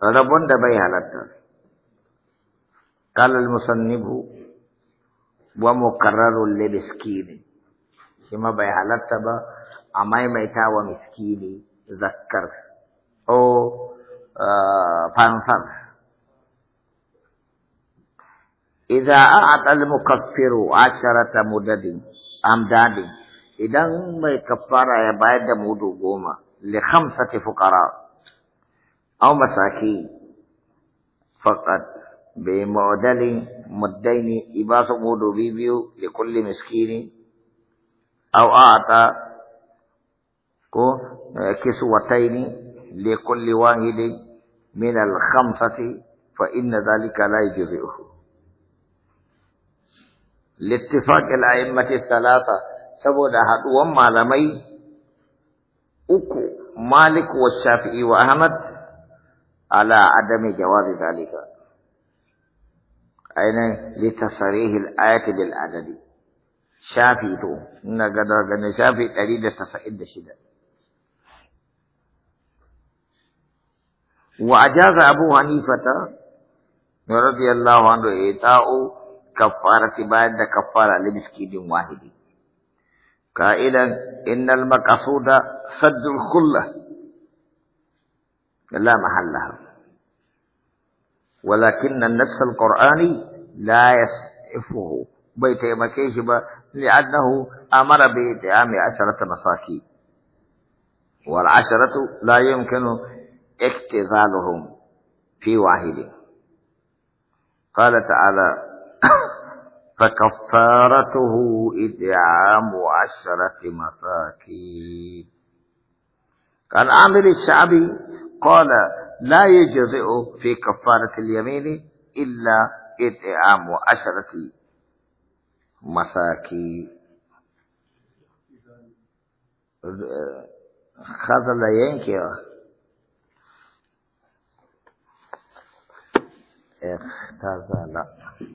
rabon da bai halatta kalal musannibu wa mukarrarun le miskini shi bai halarta ba a maimaita wa miskini zakar oh fansar idan a atal mukaffiru asharata mudadin amdadin idan mai kafara ya bayar da mudu goma liham khamsati fukara. أو مساكين فقط بمعدل مدين إباس مودو بيبيو لكل مسكين أو أعطى كسوتين لكل واحد من الخمسة فإن ذلك لا يجزئه لاتفاق الأئمة الثلاثة سبب هدوان معلمي أكو مالك والشافعي وأحمد على عدم جواب ذلك أين لتصريح الآية بالعدد شافي تو نقدر قلنا شافي تريد تصعيد الشدة وأجاز أبو حنيفة رضي الله عنه إيتاء كفارة بعد كفارة لمسكين واحد قائلا إن المقصود صد الخلة لا محل لها ولكن النفس القرآني لا يسعفه بيت مكيشبة لأنه أمر بإطعام عشرة مساكين والعشرة لا يمكن اختزالهم في واحد قال تعالى فكفارته إدعام عشرة مساكين كان عامل الشعبي قال لا يجزئ في كفارة اليمين إلا إطعام عشرة مساكين خذل ينكر اختزل